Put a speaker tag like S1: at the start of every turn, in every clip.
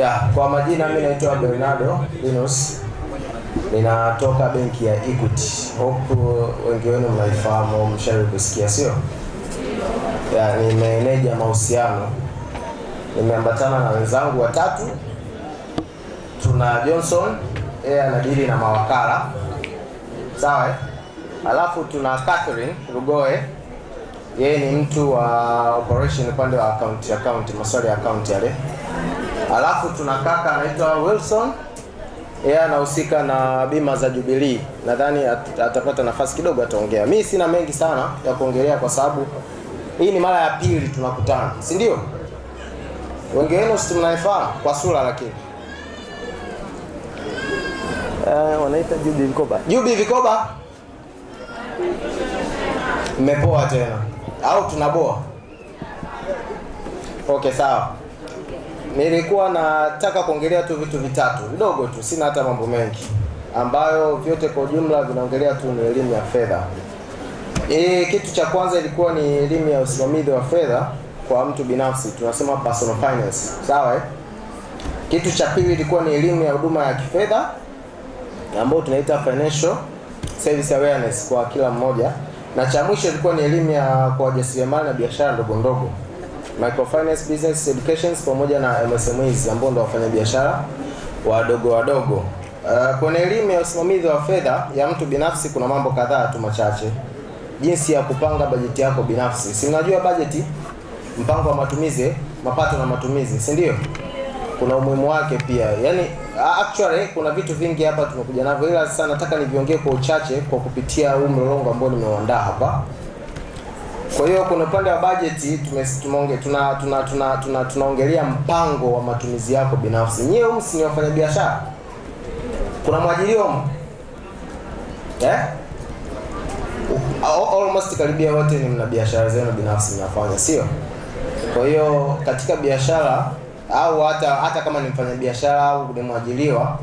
S1: Ya, kwa majina mimi naitwa Bernardo Linus. Ninatoka benki ya Equity. Huku wengi wenu mnaifahamu, mshawahi kusikia sio? Ya, ni meneja mahusiano. Nimeambatana na wenzangu watatu. Tuna Johnson, yeye anadili na mawakala. Sawa? Eh? Alafu tuna Catherine Rugoe. Yeye ni mtu wa operation upande wa account account, masuala ya account yale. Alafu tuna kaka anaitwa Wilson, yeye anahusika na bima za Jubilee. Nadhani at, atapata nafasi kidogo ataongea. Mi sina mengi sana ya kuongelea kwa sababu hii ni mara ya pili tunakutana, si ndio? Wengi wenu si mnaifahamu kwa sura, lakini
S2: uh, wanaita Jubi Vikoba,
S1: Jubi Vikoba, mmepoa tena au tunaboa? Okay, sawa nilikuwa nataka kuongelea tu vitu vitatu vidogo tu, sina hata mambo mengi, ambayo vyote kwa ujumla vinaongelea tu ni elimu ya fedha. E, kitu cha kwanza ilikuwa ni elimu ya usimamizi wa fedha kwa mtu binafsi, tunasema personal finance, sawa eh? Kitu cha pili ilikuwa ni elimu ya huduma ya kifedha ambayo tunaita financial service awareness kwa kila mmoja, na cha mwisho ilikuwa ni elimu ya kwa wajasiriamali na biashara ndogo ndogo microfinance business educations pamoja na MSMEs ambao ndio wafanyabiashara wadogo wadogo. Uh, kwenye elimu ya usimamizi wa fedha ya mtu binafsi kuna mambo kadhaa tu machache. Jinsi ya kupanga bajeti yako binafsi. Si unajua bajeti, mpango wa matumizi, mapato na matumizi, si ndio? Kuna umuhimu wake pia. Yaani actually kuna vitu vingi hapa tumekuja navyo, ila sasa nataka niviongee kwa uchache kwa kupitia huu mlolongo ambao nimeuandaa hapa. Kwa hiyo kuna upande wa bajeti tumeonge tuna tunaongelea tuna, tuna, tuna, tunaongelea mpango wa matumizi yako binafsi. Nyewe humu si ni wafanyabiashara? Kuna mwajiliwa mu Eh? Almost karibia wote ni mna biashara zenu binafsi mnafanya, sio? Kwa hiyo katika biashara au hata hata kama ni mfanyabiashara au ni mwajiriwa,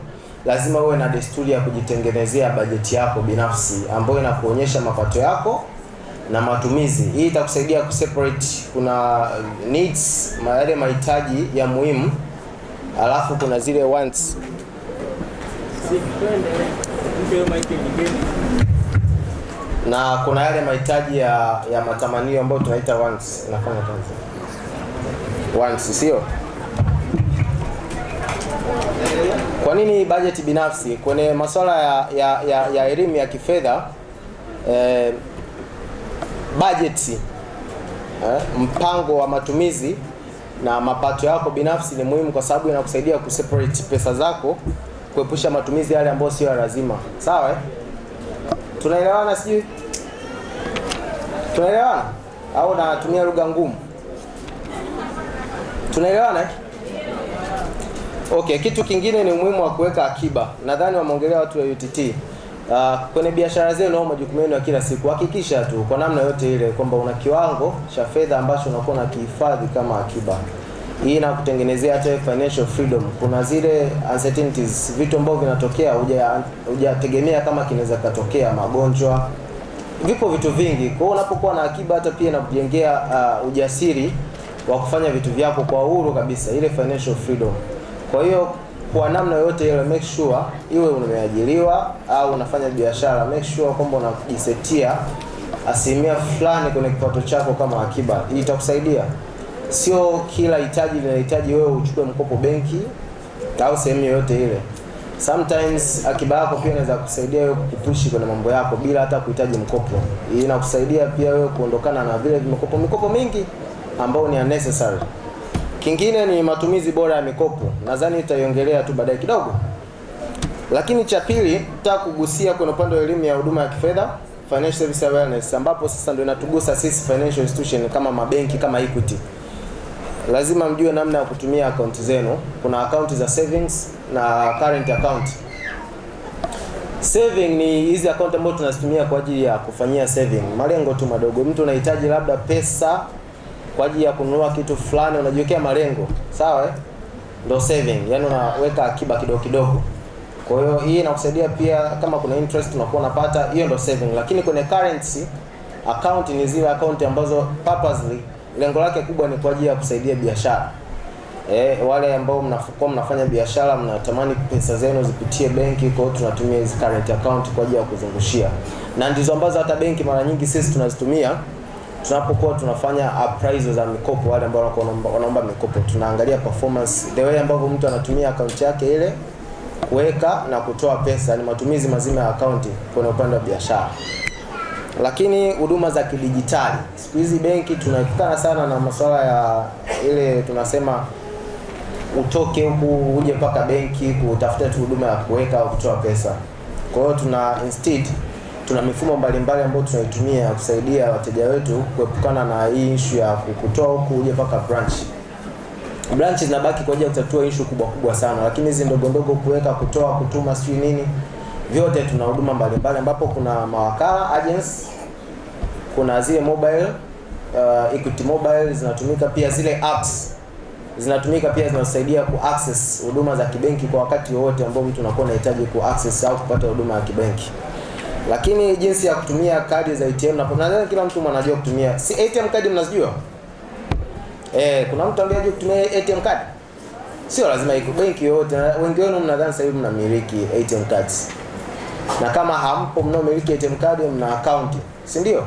S1: lazima uwe na desturi ya kujitengenezea bajeti yako binafsi ambayo inakuonyesha mapato yako na matumizi. Hii itakusaidia kuseparate, kuna needs, yale mahitaji ya muhimu, alafu kuna zile wants na kuna yale mahitaji ya, ya matamanio ambayo tunaita wants. Nafanya kazi wants, sio? Kwa nini bajeti binafsi kwenye masuala ya elimu ya, ya, ya, ya kifedha eh, bajeti eh, mpango wa matumizi na mapato yako binafsi ni muhimu, kwa sababu inakusaidia kuseparate pesa zako, kuepusha matumizi yale ambayo sio ya lazima. Sawa, eh? tunaelewana? Sijui tunaelewana au natumia lugha ngumu? Tunaelewana. Eh? Okay, kitu kingine ni umuhimu wa kuweka akiba. Nadhani wameongelea watu wa UTT. Uh, kwenye biashara zenu au majukumu yenu ya kila siku hakikisha tu kwa namna yote ile kwamba una kiwango cha fedha ambacho unakuwa kihifadhi kama akiba. Hii inakutengenezea hata financial freedom. Kuna zile uncertainties, vitu ambavyo vinatokea hujategemea kama kinaweza katokea, magonjwa, vipo vitu vingi. Kwa hiyo unapokuwa na akiba, hata pia inakujengea uh, ujasiri wa kufanya vitu vyako kwa uhuru kabisa, ile financial freedom. Kwa hiyo kwa namna yoyote ile, make sure iwe umeajiriwa au unafanya biashara, make sure kwamba unajisetia asilimia fulani kwenye kipato chako kama akiba. itakusaidia. Sio kila hitaji linahitaji wewe uchukue mkopo benki au sehemu yoyote ile. Sometimes akiba yako pia inaweza kusaidia wewe kukupushi kwenye mambo yako bila hata kuhitaji mkopo. inakusaidia pia wewe kuondokana na vile vimekopo mikopo mingi ambayo ni unnecessary. Kingine ni matumizi bora ya mikopo, nadhani nitaiongelea tu baadaye kidogo. Lakini cha pili nataka kugusia kwenye upande wa elimu ya huduma ya kifedha financial service awareness, ambapo sasa ndio inatugusa sisi financial institution kama mabenki kama Equity. Lazima mjue namna ya kutumia account zenu. Kuna account za savings na current account. Saving ni hizi account ambazo tunazitumia kwa ajili ya kufanyia saving, malengo tu madogo. Mtu unahitaji labda pesa kwa ajili ya kununua kitu fulani, unajiwekea malengo sawa, eh? Ndio saving, yani unaweka akiba kidogo kidogo. Kwa hiyo hii inakusaidia pia, kama kuna interest unakuwa unapata, hiyo ndio saving. Lakini kwenye currency account ni zile account ambazo purposely lengo lake kubwa ni kwa ajili ya kusaidia biashara. eh, wale ambao mnafukua mnafanya biashara mnatamani pesa zenu zipitie benki, kwa hiyo tunatumia hizi current account kwa ajili ya kuzungushia, na ndizo ambazo hata benki mara nyingi sisi tunazitumia tunapokuwa tunafanya appraisal za mikopo, wale ambao wanaomba mikopo, tunaangalia performance, the way ambavyo mtu anatumia akaunti yake ile kuweka na kutoa pesa, ni matumizi mazima ya akaunti kwenye upande wa biashara. Lakini huduma za kidijitali, siku hizi benki tunaepukana sana na masuala ya ile tunasema utoke huku uje mpaka benki kutafuta tu huduma ya kuweka au kutoa pesa. Kwa hiyo tuna instead tuna mifumo mbalimbali ambayo tunaitumia kusaidia wateja wetu kuepukana na hii issue ya kutoa huku uje mpaka branch. Branch zinabaki kwa ajili ya kutatua issue kubwa kubwa sana, lakini hizi ndogo ndogo, kuweka, kutoa, kutuma, sijui nini, vyote tuna huduma mbalimbali ambapo kuna mawakala agents, kuna zile mobile uh, Equity Mobile zinatumika pia, zile apps zinatumika pia, zinasaidia ku access huduma za kibenki kwa wakati wowote ambao mtu anakuwa anahitaji ku access au kupata huduma ya kibenki. Lakini jinsi ya kutumia kadi za ATM na nadhani kila mtu anajua kutumia. Si ATM kadi mnazijua? Eh, kuna mtu ambaye anajua kutumia ATM kadi? Sio lazima iko benki yote. Wengi wenu mnadhani sasa hivi mnamiliki ATM cards. Na kama hampo mnaomiliki ATM card mna account, si ndio?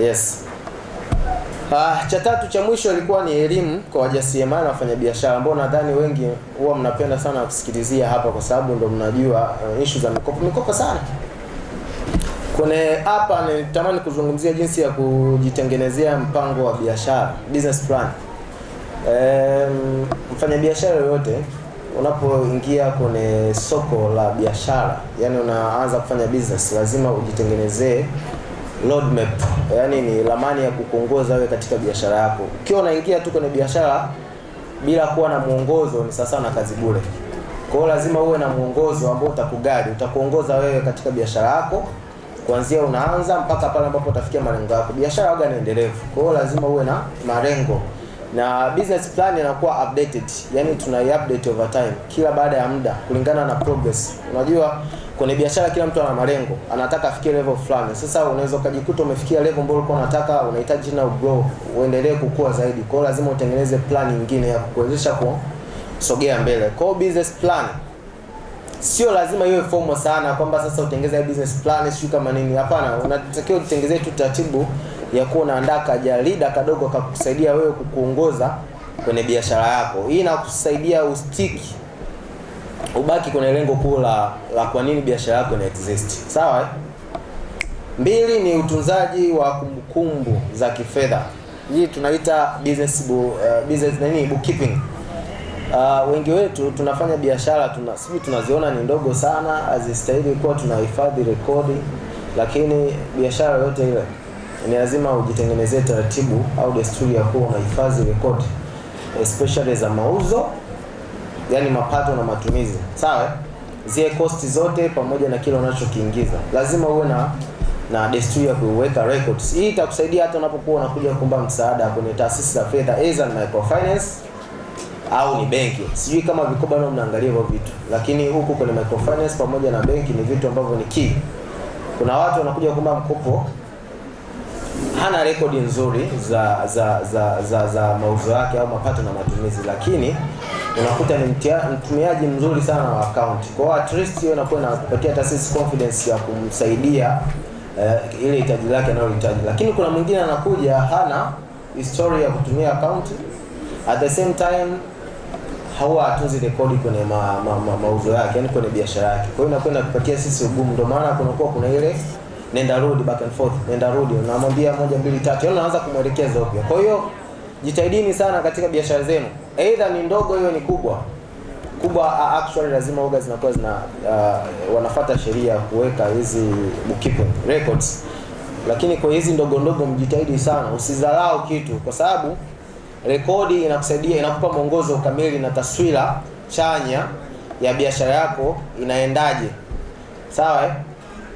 S1: Yes. Ah, cha tatu cha mwisho ilikuwa ni elimu kwa wajasiriamali na wafanyabiashara ambao nadhani wengi huwa mnapenda sana kusikilizia hapa kwa sababu ndo mnajua uh, eh, issue za mikopo. Mikopo sana kune hapa nilitamani kuzungumzia jinsi ya kujitengenezea mpango wa biashara, business plan. E, mfanyabiashara yoyote unapoingia kwenye soko la biashara, yani unaanza kufanya business, lazima ujitengenezee roadmap, yani ni ramani ya kukuongoza wewe katika biashara yako. Ukiwa unaingia tu kwenye biashara bila kuwa na mwongozo, ni sasa na kazi bure. Kwa lazima uwe na mwongozo ambao utakugari, utakuongoza wewe katika biashara yako kuanzia unaanza mpaka pale ambapo utafikia malengo yako. Biashara waga ni kwa hiyo lazima uwe na malengo na business plan inakuwa updated, yani tunai-update over time, kila baada ya muda kulingana na progress. Unajua kwenye biashara kila mtu ana malengo, anataka afikie level fulani. Sasa unaweza ukajikuta umefikia level ambayo ulikuwa unataka, unahitaji na grow, uendelee kukua zaidi. Kwa hiyo lazima utengeneze plan nyingine ya kukuwezesha kusogea mbele. Kwa hiyo business plan sio lazima iwe fomo sana kwamba sasa utengeze business plan sio kama nini. Hapana, unatakiwa utengeze tu taratibu ya kuwa unaandaa kajarida kadogo kakusaidia wewe kukuongoza kwenye biashara yako. Hii inakusaidia ustiki ubaki kwenye lengo kuu la la kwa nini biashara yako ina exist. Sawa? Eh? Mbili ni utunzaji wa kumbukumbu za kifedha. Hii tunaita business bu, uh, business nini bookkeeping uh, wengi wetu tunafanya biashara tuna, sisi tunaziona ni ndogo sana, hazistahili kuwa tunahifadhi rekodi, lakini biashara yote ile ni lazima ujitengenezee taratibu au desturi ya kuwa unahifadhi rekodi especially za mauzo, yani mapato na matumizi, sawa zile cost zote pamoja na kile unachokiingiza lazima uwe na na desturi ya kuweka records. Hii itakusaidia hata unapokuwa unakuja kuomba msaada kwenye taasisi za fedha, aidha microfinance au ni benki. Sijui kama vikoba nao mnaangalia hivyo vitu, lakini huku kwenye microfinance pamoja na benki ni vitu ambavyo ni key. Kuna watu wanakuja kuomba mkopo hana rekodi nzuri za za za za, za mauzo yake au mapato na matumizi, lakini unakuta ni mtumiaji mzuri sana wa account. Kwa hiyo at least hiyo inakuwa inakupatia taasisi confidence ya kumsaidia uh, ile hitaji lake analohitaji. Lakini kuna mwingine anakuja hana historia ya kutumia account at the same time hawa atunzi rekodi kwenye mauzo ma, ma, ma yake, yani kwenye biashara yake. Kwa hiyo inakwenda kupatia sisi ugumu, ndio maana kunakuwa kuna ile nenda rudi, back and forth, nenda rudi, unamwambia moja mbili tatu, yani unaanza kumwelekeza upya. Kwa hiyo jitahidini sana katika biashara zenu, aidha ni ndogo hiyo ni kubwa kubwa, actually lazima uga zinakuwa zina uh, wanafuata sheria kuweka hizi bookkeeping records, lakini kwa hizi ndogo ndogo mjitahidi sana, usidharau kitu kwa sababu Rekodi inakusaidia inakupa mwongozo kamili na taswira chanya ya biashara yako inaendaje, sawa eh?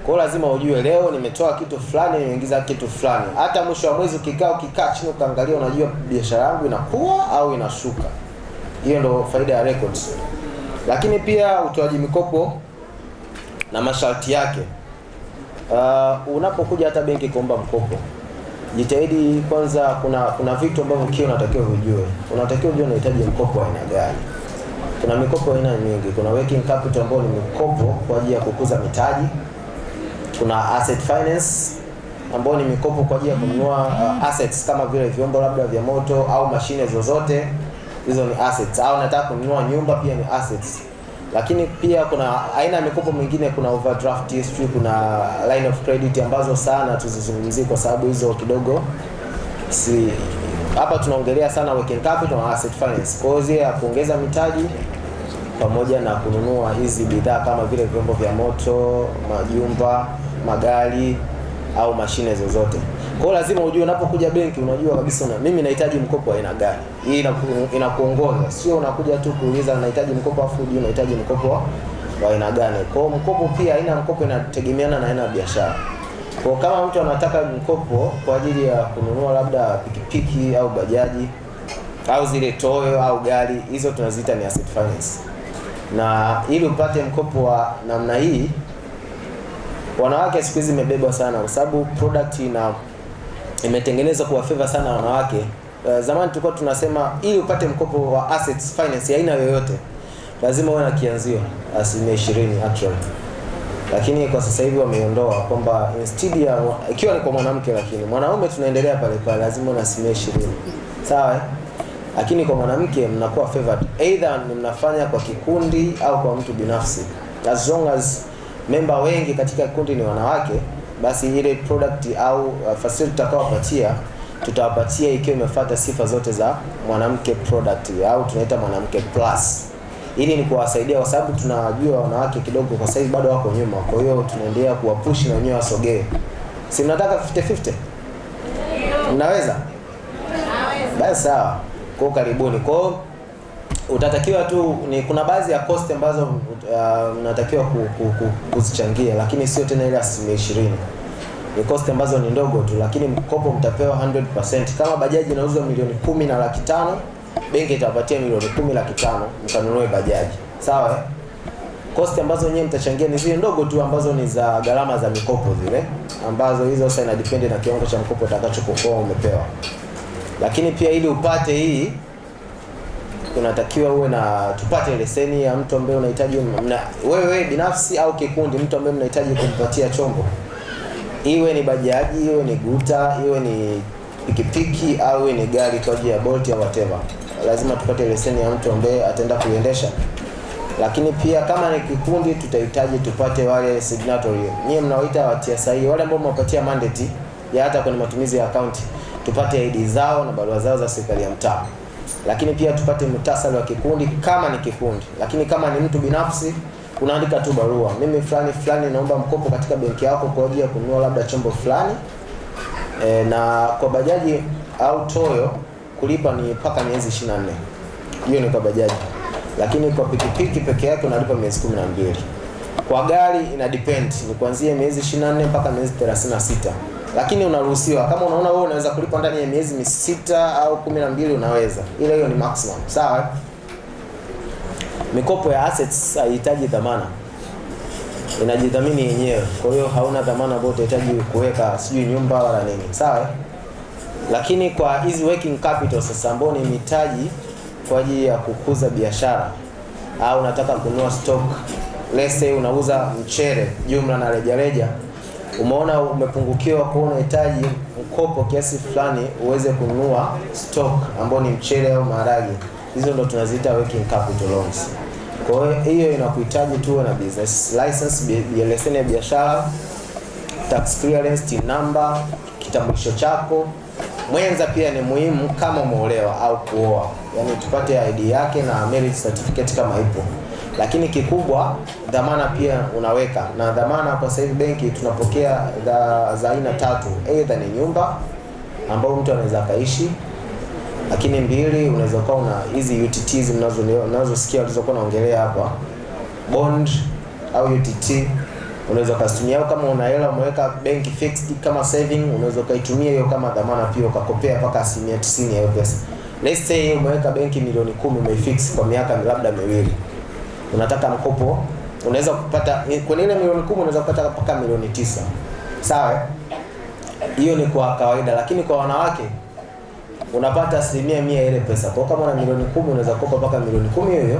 S1: Kwa lazima ujue leo nimetoa kitu fulani, nimeingiza kitu fulani. Hata mwisho wa mwezi ukikaa ukikaa chini ukaangalia, unajua biashara yangu inakuwa au inashuka. Hiyo ndio faida ya records. Lakini pia utoaji mikopo na masharti yake. Uh, unapokuja hata benki kuomba mkopo jitahidi kwanza, kuna kuna vitu ambavyo kio unatakiwa ujue, unatakiwa ujue unahitaji mkopo aina gani. Kuna mikopo aina nyingi, kuna working capital ambayo ni mikopo kwa ajili ya kukuza mitaji, kuna asset finance ambayo ni mikopo kwa ajili ya kununua uh, assets kama vile vyombo labda vya moto au mashine zozote, hizo ni assets, au nataka kununua nyumba, pia ni assets lakini pia kuna aina ya mikopo mingine, kuna overdraft history, kuna line of credit ambazo sana tuzizungumzie kwa sababu hizo kidogo si hapa tunaongelea sana working capital na asset finance, kwa hiyo ya kuongeza mitaji pamoja na kununua hizi bidhaa kama vile vyombo vya moto, majumba, magari au mashine zozote. Kwa hiyo lazima ujue unapokuja benki unajua kabisa una mimi nahitaji mkopo wa aina gani. Hii inakuongoza. Sio unakuja tu kuuliza nahitaji mkopo afu ujue unahitaji mkopo wa aina gani. Kwa hiyo mkopo pia aina mkopo inategemeana na aina ya biashara. Kwa kama mtu anataka mkopo kwa ajili ya kununua labda pikipiki au bajaji au zile toyo au gari, hizo tunaziita ni asset finance. Na ili upate mkopo wa namna hii, wanawake siku hizi imebebwa sana, kwa sababu product ina imetengeneza kuwa favor sana wanawake. Uh, zamani tulikuwa tunasema ili upate mkopo wa assets finance aina yoyote lazima uwe na kianzio asilimia ishirini actually, lakini kwa sasa hivi wameondoa kwamba instead ya ikiwa ni kwa mwanamke, lakini mwanaume tunaendelea pale pale, lazima na asilimia ishirini sawa, eh? lakini kwa mwanamke mnakuwa favored, either ni mnafanya kwa kikundi au kwa mtu binafsi, as long as member wengi katika kikundi ni wanawake basi ile product au uh, facility tutakayowapatia tutawapatia ikiwa imefuata sifa zote za mwanamke product au tunaita mwanamke plus ili ni kuwasaidia kwa sababu tunajua wanawake kidogo kwa sasa bado wako nyuma. Kwa hiyo tunaendelea kuwapushi na wenyewe wasogee. Si mnataka 50 50? Mnaweza? Basi sawa. Kwa karibuni. Kwa utatakiwa tu ni kuna baadhi ya cost ambazo unatakiwa uh, ku, ku, ku, kuzichangia, lakini sio tena ile asilimia ishirini. Ni cost ambazo ni ndogo tu, lakini mkopo mtapewa 100%. Kama bajaji inauzwa milioni kumi na laki tano, benki itawapatia milioni kumi laki tano mkanunue bajaji, sawa. Eh? Cost ambazo nyewe mtachangia ni zile ndogo tu ambazo ni za gharama za mikopo zile, ambazo hizo sasa inadependi na kiwango cha mkopo utakachokuwa umepewa, lakini pia ili upate hii unatakiwa uwe na tupate leseni ya mtu ambaye unahitaji wewe binafsi au kikundi, mtu ambaye mnahitaji kumpatia chombo, iwe ni bajaji, iwe ni guta, iwe ni pikipiki au iwe ni gari kwa ajili ya bolt au whatever, lazima tupate leseni ya mtu ambaye ataenda kuiendesha. Lakini pia kama ni kikundi, tutahitaji tupate wale signatory, nyie mnawaita watia sahihi, wale ambao mwapatia mandate ya hata kwenye matumizi ya akaunti, tupate ID zao na barua zao za serikali ya mtaa lakini pia tupate muhtasari wa kikundi kama ni kikundi, lakini kama ni mtu binafsi unaandika tu barua, mimi fulani fulani naomba mkopo katika benki yako kwa ajili ya kununua labda chombo fulani. E, na kwa bajaji au toyo kulipa ni mpaka miezi 24. Hiyo ni kwa bajaji, lakini kwa pikipiki peke yake unalipa miezi 12. Kwa gari ina depend ni kuanzia miezi 24 mpaka miezi 36 lakini unaruhusiwa kama unaona wewe unaweza kulipa ndani ya miezi misita au kumi na mbili unaweza, ile hiyo ni maximum. Sawa, mikopo ya assets haihitaji dhamana, inajidhamini yenyewe. Kwa hiyo hauna dhamana ambayo utahitaji kuweka sijui nyumba wala nini. Sawa, lakini kwa hizi working capital sasa, ambao ni mitaji kwa ajili ya kukuza biashara au unataka kununua stock, lese unauza mchele jumla na rejareja umeona umepungukiwa kwa unahitaji mkopo kiasi fulani uweze kununua stock ambao ni mchele au maharage, hizo ndo tunaziita working capital loans. Kwa hiyo hiyo inakuhitaji tu na business license, leseni ya biashara, tax clearance, TIN number, kitambulisho chako. Mwenza pia ni muhimu kama umeolewa au kuoa, yaani tupate ID yake na marriage certificate kama ipo lakini kikubwa dhamana pia unaweka, na dhamana kwa sasa hivi benki tunapokea za aina tatu, aidha ni nyumba ambayo mtu anaweza akaishi lakini mbili, unaweza kuwa una hizi UTTs mnazosikia walizokuwa naongelea hapa, bond au UTT unaweza ukazitumia, au kama una hela umeweka benki fixed kama saving, unaweza ukaitumia hiyo kama dhamana pia ukakopea mpaka asilimia 90 ya hiyo pesa. Let's say umeweka benki milioni kumi umeifix kwa miaka labda miwili unataka mkopo, unaweza kupata kwenye ile milioni kumi, unaweza kupata mpaka milioni tisa. Sawa, hiyo ni kwa kawaida, lakini kwa wanawake unapata asilimia mia ile pesa. Kwa kama una milioni kumi, unaweza kukopa mpaka milioni kumi hiyo